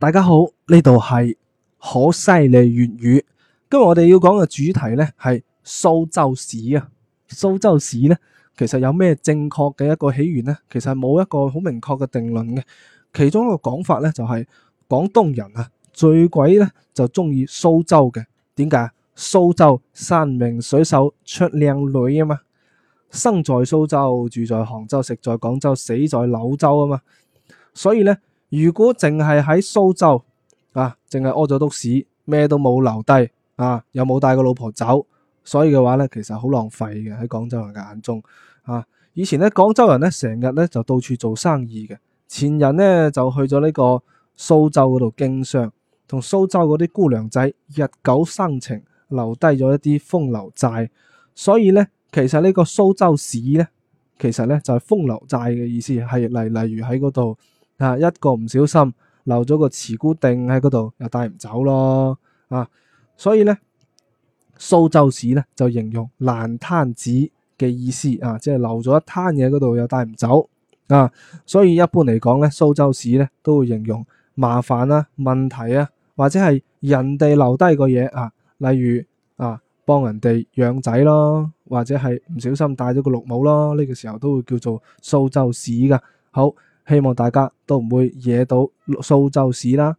大家好，呢度係猴塞雷粵語。今日我哋要講嘅主題呢係蘇州市啊。蘇州市呢，其實有咩正確嘅一個起源呢？其實冇一個好明確嘅定論嘅。其中一個講法呢，就係，就係廣東人啊，最鬼呢就中意蘇州嘅。點解啊？蘇州山明水秀，出靚女啊嘛。生在蘇州，住在杭州，食在廣州，死在柳州啊嘛。所以呢。如果淨係喺蘇州啊，淨係屙咗篤屎，咩都冇留低啊，又冇帶個老婆走，所以嘅話呢，其實好浪費嘅喺廣州人嘅眼中啊。以前呢，廣州人呢成日呢就到處做生意嘅前人呢，就去咗呢個蘇州嗰度經商，同蘇州嗰啲姑娘仔日久生情，留低咗一啲風流債。所以呢，其實呢個蘇州屎呢，其實呢就係風流債嘅意思，係例例如喺嗰度。啊，一個唔小心留咗個慈姑椗喺嗰度，又帶唔走咯。啊，所以呢，蘇州屎呢，就形容爛攤子嘅意思啊，即係留咗一攤嘢嗰度又帶唔走。啊，所以一般嚟講咧，蘇州屎呢，都會形容麻煩啊、問題啊，或者係人哋留低個嘢啊，例如啊幫人哋養仔咯，或者係唔小心帶咗個綠帽咯，呢個時候都會叫做蘇州屎㗎。好。希望大家都唔會惹到蘇州屎啦。